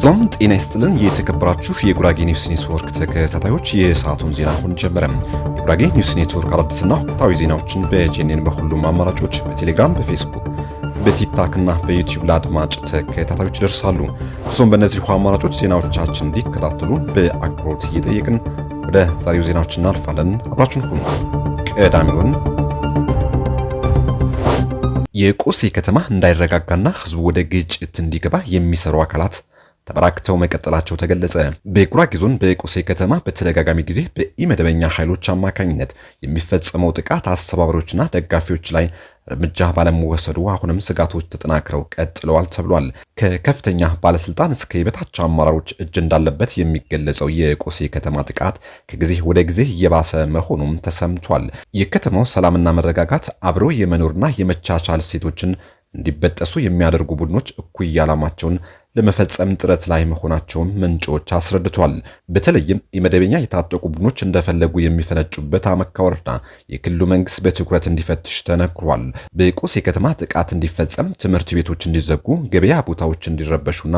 ሰላም ጤና ይስጥልን። የተከበራችሁ የጉራጌ ኒውስ ኔትወርክ ተከታታዮች የሰዓቱን ዜና አሁን ጀመረ። የጉራጌ ኒውስ ኔትወርክ አዳዲስና ወቅታዊ ዜናዎችን በጄኔን በሁሉም አማራጮች በቴሌግራም፣ በፌስቡክ፣ በቲክታክ እና በዩቲዩብ ለአድማጭ ተከታታዮች ይደርሳሉ። እርሶም በእነዚሁ አማራጮች ዜናዎቻችን እንዲከታተሉ በአክብሮት እየጠየቅን ወደ ዛሬው ዜናዎች እናልፋለን። አብራችን ሁኑ። ቀዳሚውን የቆሴ ከተማ እንዳይረጋጋና ህዝቡ ወደ ግጭት እንዲገባ የሚሰሩ አካላት ተበራክተው መቀጠላቸው ተገለጸ። በጉራጌ ዞን በቆሴ ከተማ በተደጋጋሚ ጊዜ በኢመደበኛ ኃይሎች አማካኝነት የሚፈጸመው ጥቃት አስተባባሪዎችና ደጋፊዎች ላይ እርምጃ ባለመወሰዱ አሁንም ስጋቶች ተጠናክረው ቀጥለዋል ተብሏል። ከከፍተኛ ባለስልጣን እስከ የበታች አመራሮች እጅ እንዳለበት የሚገለጸው የቆሴ ከተማ ጥቃት ከጊዜ ወደ ጊዜ እየባሰ መሆኑም ተሰምቷል። የከተማው ሰላምና መረጋጋት አብሮ የመኖርና የመቻቻል ሴቶችን እንዲበጠሱ የሚያደርጉ ቡድኖች እኩይ ዓላማቸውን ለመፈጸም ጥረት ላይ መሆናቸውን ምንጮች አስረድቷል። በተለይም የመደበኛ የታጠቁ ቡድኖች እንደፈለጉ የሚፈነጩበት አመካ ወረዳ የክልሉ መንግስት በትኩረት እንዲፈትሽ ተነግሯል። በቁስ የከተማ ጥቃት እንዲፈጸም፣ ትምህርት ቤቶች እንዲዘጉ፣ ገበያ ቦታዎች እንዲረበሹና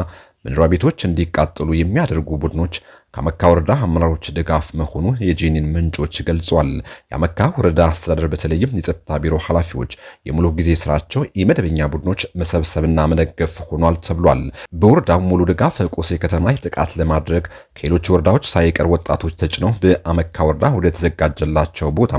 መኖሪያ ቤቶች እንዲቃጠሉ የሚያደርጉ ቡድኖች ከአመካ ወረዳ አመራሮች ድጋፍ መሆኑ የጄኒን ምንጮች ገልጿል። የአመካ ወረዳ አስተዳደር በተለይም የጸጥታ ቢሮ ኃላፊዎች የሙሉ ጊዜ ስራቸው የመደበኛ ቡድኖች መሰብሰብና መደገፍ ሆኗል ተብሏል። በወረዳው ሙሉ ድጋፍ ቆሴ ከተማ ጥቃት ለማድረግ ከሌሎች ወረዳዎች ሳይቀር ወጣቶች ተጭነው በአመካ ወረዳ ወደ ተዘጋጀላቸው ቦታ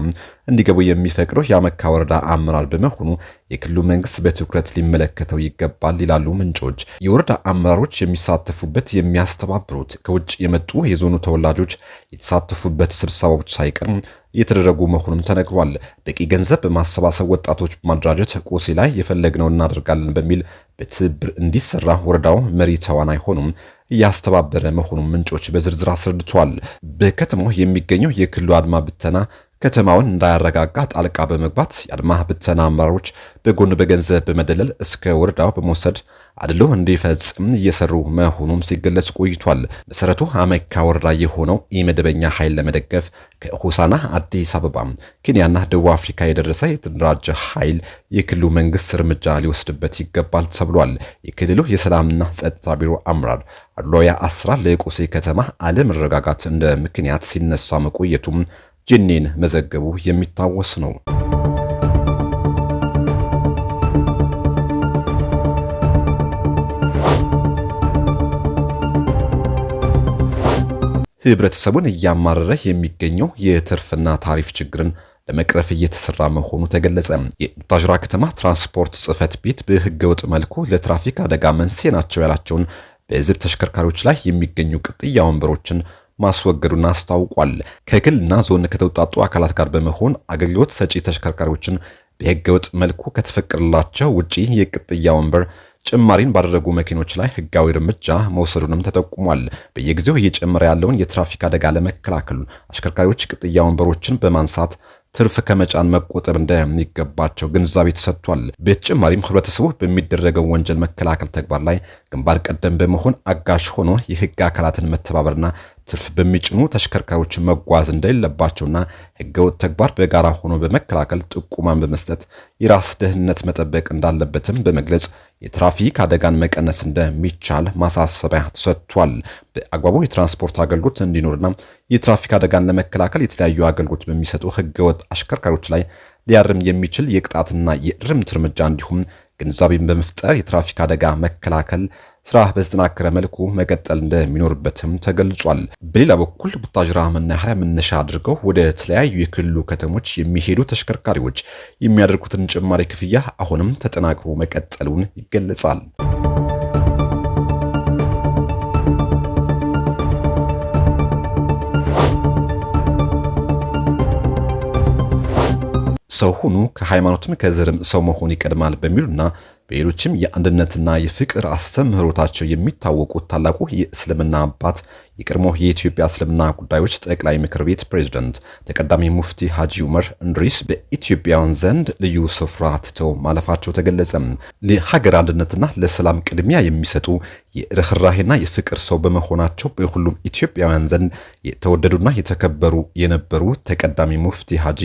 እንዲገቡ የሚፈቅደው የአመካ ወረዳ አመራር በመሆኑ የክልሉ መንግስት በትኩረት ሊመለከተው ይገባል ይላሉ ምንጮች። የወረዳ አመራሮች የሚሳተፉበት የሚያስተባብሩት፣ ከውጭ የመጡ የዞኑ ተወላጆች የተሳተፉበት ስብሰባዎች ሳይቀርም እየተደረጉ መሆኑም ተነግሯል። በቂ ገንዘብ በማሰባሰብ ወጣቶች በማደራጀት ቆሴ ላይ የፈለግነው እናደርጋለን በሚል በትብብር እንዲሰራ ወረዳው መሪ ተዋናይ ሆኖም እያስተባበረ መሆኑን ምንጮች በዝርዝር አስረድቷል። በከተማው የሚገኘው የክልሉ አድማ ብተና ከተማውን እንዳያረጋጋ ጣልቃ በመግባት የአድማ ብተና አመራሮች በጎን በገንዘብ በመደለል እስከ ወረዳው በመውሰድ አድሎ እንዲፈጽም እየሰሩ መሆኑም ሲገለጽ ቆይቷል። መሰረቱ አመካ ወረዳ የሆነው የመደበኛ ኃይል ለመደገፍ ከሆሳና አዲስ አበባ፣ ኬንያና ደቡብ አፍሪካ የደረሰ የተደራጀ ኃይል የክልሉ መንግስት እርምጃ ሊወስድበት ይገባል ተብሏል። የክልሉ የሰላምና ጸጥታ ቢሮ አምራር አድሎያ አስራ ለቆሴ ከተማ አለመረጋጋት እንደ ምክንያት ሲነሳ መቆየቱም ጅኔን መዘገቡ የሚታወስ ነው። ህብረተሰቡን እያማረረ የሚገኘው የትርፍና ታሪፍ ችግርን ለመቅረፍ እየተሰራ መሆኑ ተገለጸ። የቡታጅራ ከተማ ትራንስፖርት ጽህፈት ቤት በህገወጥ መልኩ ለትራፊክ አደጋ መንስኤ ናቸው ያላቸውን በህዝብ ተሽከርካሪዎች ላይ የሚገኙ ቅጥያ ወንበሮችን ማስወገዱን አስታውቋል። ከክልልና ዞን ከተውጣጡ አካላት ጋር በመሆን አገልግሎት ሰጪ ተሽከርካሪዎችን በህገወጥ መልኩ ከተፈቀደላቸው ውጪ የቅጥያ ወንበር ጭማሪን ባደረጉ መኪኖች ላይ ህጋዊ እርምጃ መውሰዱንም ተጠቁሟል። በየጊዜው እየጨመረ ያለውን የትራፊክ አደጋ ለመከላከል አሽከርካሪዎች ቅጥያ ወንበሮችን በማንሳት ትርፍ ከመጫን መቆጠብ እንደሚገባቸው ግንዛቤ ተሰጥቷል። በተጨማሪም ህብረተሰቡ በሚደረገው ወንጀል መከላከል ተግባር ላይ ግንባር ቀደም በመሆን አጋዥ ሆኖ የህግ አካላትን መተባበርና ትርፍ በሚጭኑ ተሽከርካሪዎች መጓዝ እንደሌለባቸውና ህገወጥ ተግባር በጋራ ሆኖ በመከላከል ጥቁማን በመስጠት የራስ ደህንነት መጠበቅ እንዳለበትም በመግለጽ የትራፊክ አደጋን መቀነስ እንደሚቻል ማሳሰቢያ ተሰጥቷል። በአግባቡ የትራንስፖርት አገልግሎት እንዲኖርና የትራፊክ አደጋን ለመከላከል የተለያዩ አገልግሎት በሚሰጡ ህገወጥ አሽከርካሪዎች ላይ ሊያርም የሚችል የቅጣትና የእርምት እርምጃ እንዲሁም ግንዛቤን በመፍጠር የትራፊክ አደጋ መከላከል ስራ በተጠናከረ መልኩ መቀጠል እንደሚኖርበትም ተገልጿል። በሌላ በኩል ቡታጅራ መናኸሪያ መነሻ አድርገው ወደ ተለያዩ የክልሉ ከተሞች የሚሄዱ ተሽከርካሪዎች የሚያደርጉትን ጭማሪ ክፍያ አሁንም ተጠናክሮ መቀጠሉን ይገለጻል። ሰው ሁኑ ከሃይማኖትም ከዘርም ሰው መሆን ይቀድማል በሚሉና በሌሎችም የአንድነትና የፍቅር አስተምህሮታቸው የሚታወቁት ታላቁ የእስልምና አባት የቀድሞ የኢትዮጵያ እስልምና ጉዳዮች ጠቅላይ ምክር ቤት ፕሬዝደንት ተቀዳሚ ሙፍቲ ሐጂ ዑመር እንድሪስ በኢትዮጵያውያን ዘንድ ልዩ ስፍራ ትተው ማለፋቸው ተገለጸ። ለሀገር አንድነትና ለሰላም ቅድሚያ የሚሰጡ የርኅራሄና የፍቅር ሰው በመሆናቸው በሁሉም ኢትዮጵያውያን ዘንድ የተወደዱና የተከበሩ የነበሩ ተቀዳሚ ሙፍቲ ሐጂ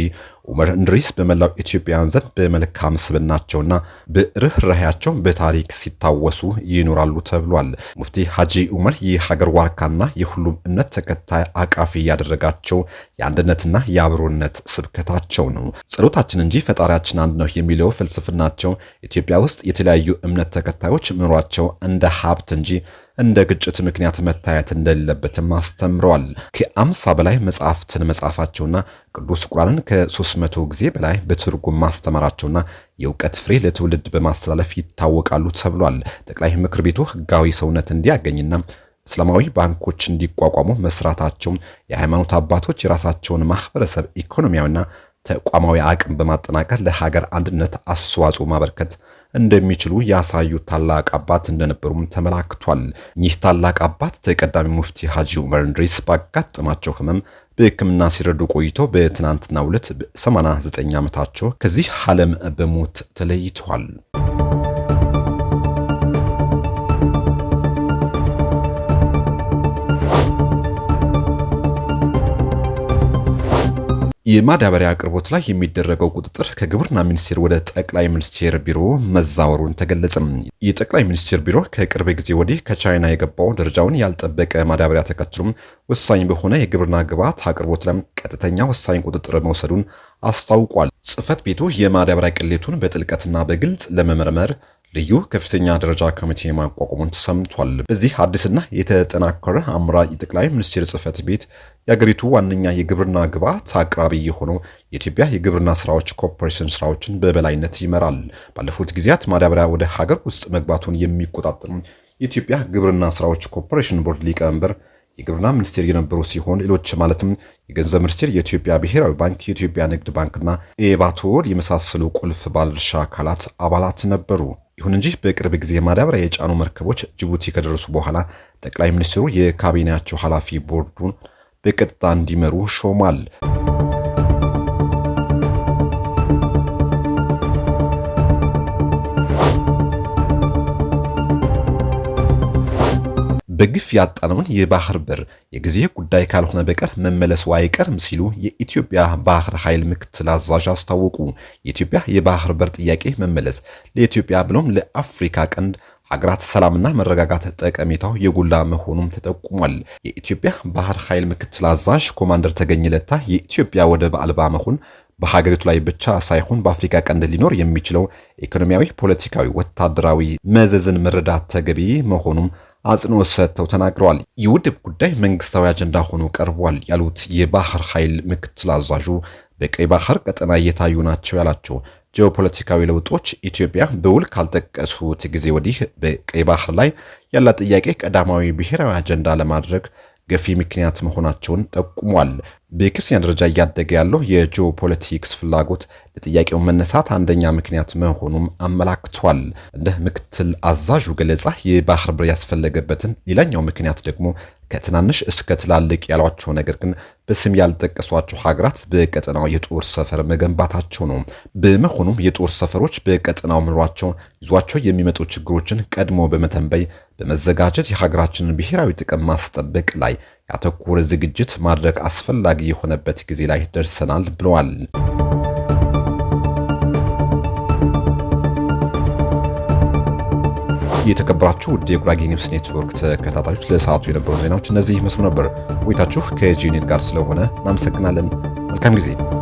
ኡመር እንድሪስ በመላው ኢትዮጵያውያን ዘንድ በመልካም ስብናቸውና በርኅራኄያቸው በታሪክ ሲታወሱ ይኖራሉ ተብሏል። ሙፍቲ ሐጂ ኡመር የሀገር ዋርካና የሁሉም እምነት ተከታይ አቃፊ ያደረጋቸው የአንድነትና የአብሮነት ስብከታቸው ነው። ጸሎታችን እንጂ ፈጣሪያችን አንድ ነው የሚለው ፍልስፍናቸው ኢትዮጵያ ውስጥ የተለያዩ እምነት ተከታዮች መኖራቸው እንደ ሀብት እንጂ እንደ ግጭት ምክንያት መታየት እንደሌለበትም አስተምረዋል። ከአምሳ በላይ መጽሐፍትን መጻፋቸውና ቅዱስ ቁርአንን ከ300 ጊዜ በላይ በትርጉም ማስተማራቸውና የእውቀት ፍሬ ለትውልድ በማስተላለፍ ይታወቃሉ ተብሏል። ጠቅላይ ምክር ቤቱ ህጋዊ ሰውነት እንዲያገኝና እስላማዊ ባንኮች እንዲቋቋሙ መስራታቸውም የሃይማኖት አባቶች የራሳቸውን ማህበረሰብ ኢኮኖሚያዊና ተቋማዊ አቅም በማጠናከር ለሀገር አንድነት አስተዋጽኦ ማበርከት እንደሚችሉ ያሳዩ ታላቅ አባት እንደነበሩም ተመላክቷል። ይህ ታላቅ አባት ተቀዳሚ ሙፍቲ ሀጂ ዑመር እንድሪስ ባጋጠማቸው ህመም በሕክምና ሲረዱ ቆይቶ በትናንትናው ዕለት 89 ዓመታቸው ከዚህ ዓለም በሞት ተለይተዋል። የማዳበሪያ አቅርቦት ላይ የሚደረገው ቁጥጥር ከግብርና ሚኒስቴር ወደ ጠቅላይ ሚኒስቴር ቢሮ መዛወሩን ተገለጸም። የጠቅላይ ሚኒስቴር ቢሮ ከቅርብ ጊዜ ወዲህ ከቻይና የገባው ደረጃውን ያልጠበቀ ማዳበሪያ ተከትሎም ወሳኝ በሆነ የግብርና ግብዓት አቅርቦት ላይ ቀጥተኛ ወሳኝ ቁጥጥር መውሰዱን አስታውቋል። ጽህፈት ቤቱ የማዳበሪያ ቅሌቱን በጥልቀትና በግልጽ ለመመርመር ልዩ ከፍተኛ ደረጃ ኮሚቴ ማቋቋሙን ተሰምቷል። በዚህ አዲስና የተጠናከረ አምራጭ የጠቅላይ ሚኒስቴር ጽህፈት ቤት የአገሪቱ ዋነኛ የግብርና ግብዓት አቅራቢ የሆነው የኢትዮጵያ የግብርና ስራዎች ኮርፖሬሽን ስራዎችን በበላይነት ይመራል። ባለፉት ጊዜያት ማዳበሪያ ወደ ሀገር ውስጥ መግባቱን የሚቆጣጠሩ የኢትዮጵያ ግብርና ስራዎች ኮርፖሬሽን ቦርድ ሊቀመንበር የግብርና ሚኒስቴር የነበሩ ሲሆን ሌሎች ማለትም የገንዘብ ሚኒስቴር፣ የኢትዮጵያ ብሔራዊ ባንክ፣ የኢትዮጵያ ንግድ ባንክና ኤባቶር የመሳሰሉ ቁልፍ ባለድርሻ አካላት አባላት ነበሩ። ይሁን እንጂ በቅርብ ጊዜ ማዳበሪያ የጫኑ መርከቦች ጅቡቲ ከደረሱ በኋላ ጠቅላይ ሚኒስትሩ የካቢኔያቸው ኃላፊ ቦርዱን በቀጥታ እንዲመሩ ሾሟል። በግፍ ያጣነውን የባህር በር የጊዜ ጉዳይ ካልሆነ በቀር መመለሱ አይቀርም ሲሉ የኢትዮጵያ ባህር ኃይል ምክትል አዛዥ አስታወቁ። የኢትዮጵያ የባህር በር ጥያቄ መመለስ ለኢትዮጵያ ብሎም ለአፍሪካ ቀንድ ሀገራት ሰላምና መረጋጋት ጠቀሜታው የጎላ መሆኑም ተጠቁሟል። የኢትዮጵያ ባህር ኃይል ምክትል አዛዥ ኮማንደር ተገኝ ለታ የኢትዮጵያ ወደብ አልባ መሆን በሀገሪቱ ላይ ብቻ ሳይሆን በአፍሪካ ቀንድ ሊኖር የሚችለው ኢኮኖሚያዊ፣ ፖለቲካዊ፣ ወታደራዊ መዘዝን መረዳት ተገቢ መሆኑም አጽንኦት ሰጥተው ተናግረዋል። የወደብ ጉዳይ መንግስታዊ አጀንዳ ሆኖ ቀርቧል ያሉት የባህር ኃይል ምክትል አዛዡ በቀይ ባህር ቀጠና እየታዩ ናቸው ያላቸው ጂኦፖለቲካዊ ለውጦች ኢትዮጵያ በውል ካልጠቀሱት ጊዜ ወዲህ በቀይ ባህር ላይ ያላት ጥያቄ ቀዳማዊ ብሔራዊ አጀንዳ ለማድረግ ገፊ ምክንያት መሆናቸውን ጠቁሟል። በክርስቲያን ደረጃ እያደገ ያለው የጂኦፖለቲክስ ፍላጎት ለጥያቄው መነሳት አንደኛ ምክንያት መሆኑም አመላክቷል። እንደ ምክትል አዛዡ ገለጻ የባህር በር ያስፈለገበትን ሌላኛው ምክንያት ደግሞ ከትናንሽ እስከ ትላልቅ ያሏቸው ነገር ግን በስም ያልጠቀሷቸው ሀገራት በቀጠናው የጦር ሰፈር መገንባታቸው ነው። በመሆኑም የጦር ሰፈሮች በቀጠናው ምሯቸው ይዟቸው የሚመጡ ችግሮችን ቀድሞ በመተንበይ በመዘጋጀት የሀገራችንን ብሔራዊ ጥቅም ማስጠበቅ ላይ ያተኮረ ዝግጅት ማድረግ አስፈላጊ የሆነበት ጊዜ ላይ ደርሰናል ብለዋል። የተከበራችሁ ውድ የጉራጌ ኒውስ ኔትወርክ ተከታታዮች ለሰዓቱ የነበሩ ዜናዎች እነዚህ መስሉ ነበር። ቆይታችሁ ከጂኒን ጋር ስለሆነ እናመሰግናለን። መልካም ጊዜ